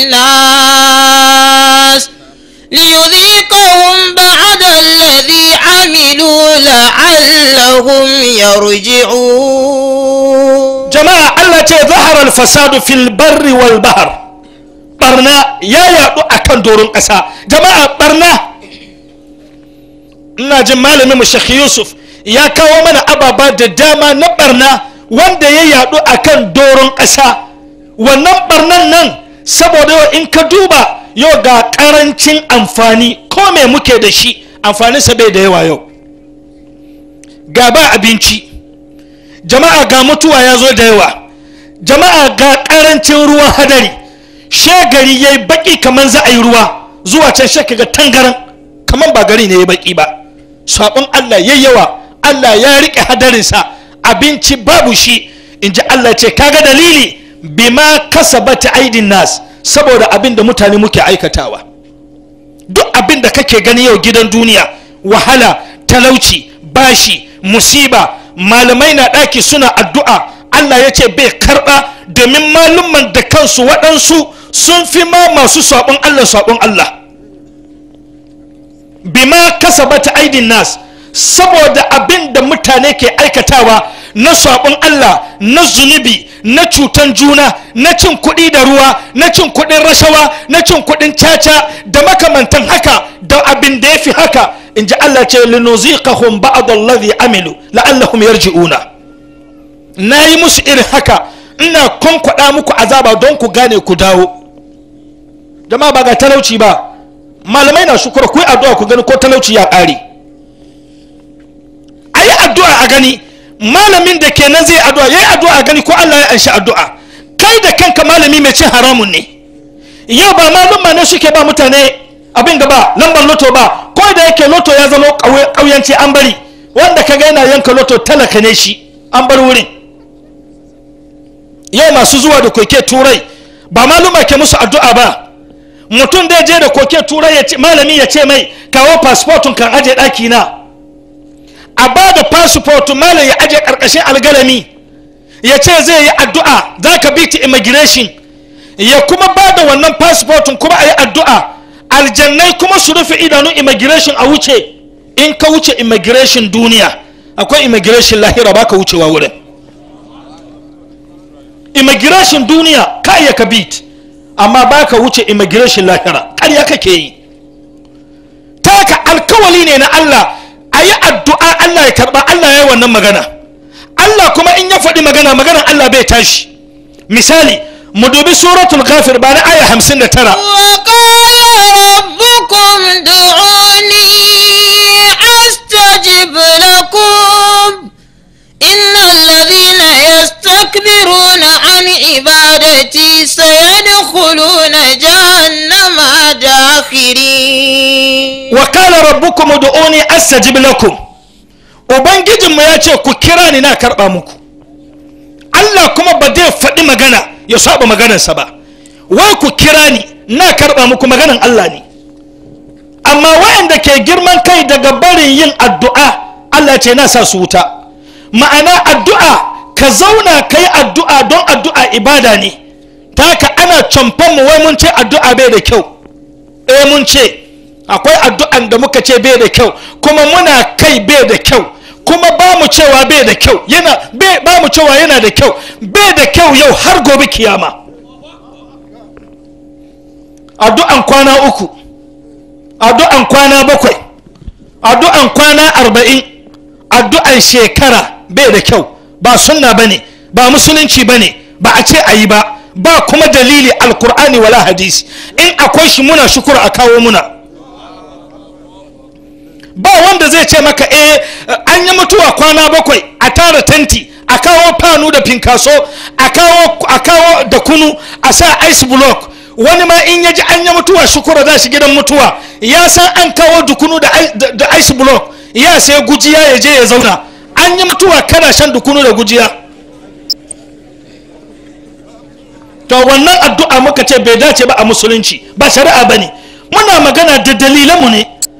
الناس ليذيقهم بعد الذي عملوا لعلهم يرجعون جماعة الله ظهر الفساد في البر والبحر برنا يا يا أكن دور أسا جماعة برنا إن جمال من الشيخ يوسف يا كومنا أبا بعد دما نبرنا وان ده يا يا أكن دور أسا ونبرنا نن saboda yau in ka duba yau ga karancin amfani ko me muke da shi amfaninsa bai da yawa yau ga ba abinci jama'a ga mutuwa ya zo da yawa jama'a ga karancin ruwan hadari shagari ya yi baki kamar za a yi ruwa zuwa can shaka ga tangaran kamar ba gari ne ya baki ba saɓon allah ya yawa allah ya riƙe hadarinsa abinci babu shi in ji allah ce kaga dalili bima kasabata aidin nas saboda abin da mutane muke aikatawa duk abin da kake gani yau gidan duniya wahala talauci bashi musiba malamai na ɗaki suna addu'a allah ya ce bai karɓa domin malumman da kansu waɗansu sun fi ma masu saɓon allah saɓon allah bima kasabata aidin nas saboda abin da mutane ke aikatawa na saɓon allah na zunubi na cutan juna na cin kuɗi da ruwa na cin kuɗin rashawa na cin kuɗin caca da makamantan haka da abin da ya fi haka in ji Allah ce linuziqahum ba'd amilu la'allahum yarji'una nayi musu irin haka ina konkwada muku azaba don ku gane ku dawo jama'a ba ga talauci ba malamai na shukura ku yi addu'a ku gani ko talauci ya ƙare a yi addu'a a gani malamin da ke nan zai addu'a yayi addu'a gani ko Allah ya anshi addu'a kai da kanka malami mai cin haramun ne yau ba na ne suke ba mutane abin gaba lambar loto ba ko da yake loto ya zama kauyanci an bari wanda kaga yana yanka loto talaka ne shi an bar wurin yau masu zuwa da koke turai ba maluma ke musu addu'a ba mutum da je da koke turai ya ce malami ya ce mai kawo fasfotin kan aje daki na a ba da fasifot malam ya aje karkashin algalami ya ce zai yi addu'a za ka bi ta immigration ya kuma ba da wannan fasifotin kuma a yi addu'a aljannai kuma su rufe idanun immigration a wuce in ka wuce immigration duniya akwai immigration lahira ba ka wucewa wurin immigration duniya ka iya ka bit amma ba ka wuce immigration lahira ƙarya kake yi taka alkawali ne na allah addu'a Allah ya karba Allah ya yi wannan magana Allah kuma in ya faɗi magana magana Allah bai tashi misali mu dubi suratul ghafir ba na aya 59 rabbukum du'uni astajib lakum inna alladhina yastakbiruna an ibadati sayadkhuluna jahannama dakhirin wa kala rabbukum ud'uni astajib lakum ubangijinmu ya ce ku kira ni na karba muku Allah kuma ba zai faɗi magana ya saba maganarsa ba wai ku kira ni na karba muku maganan Allah ne amma wayanda ke girman kai daga barin yin addu'a Allah ce na sa su wuta ma'ana addu'a ka zauna kai addu'a don addu'a ibada ne ta ka ana camfan mu wai mun ce addu'a bai da kyau eh mun ce akwai addu'an da muka ce bai da kyau kuma muna kai bai da kyau kuma ba mu cewa bai da kyau yana ba mu cewa yana da kyau bai da kyau yau har gobe kiyama addu'an kwana uku addu'an kwana bakwai addu'an kwana arba'in addu'an shekara bai da kyau ba sunna ba ne ba musulunci ba ne ba a ce a yi ba ba kuma dalili alkur'ani wala hadisi in akwai shi muna shukura a kawo muna ba wanda zai ce maka eh an yi mutuwa kwana bakwai a tara tenti a kawo fanu da finkaso a kawo a da kunu a sa ice block wani ma in yaji an yi mutuwa shukura za shi gidan mutuwa ya san an kawo dukunu da, ice block ya sai gujiya ya je ya zauna an yi mutuwa kana shan dukunu da gujiya to wannan addu'a muka ce bai dace ba a musulunci ba shari'a bane muna magana da dalilanmu ne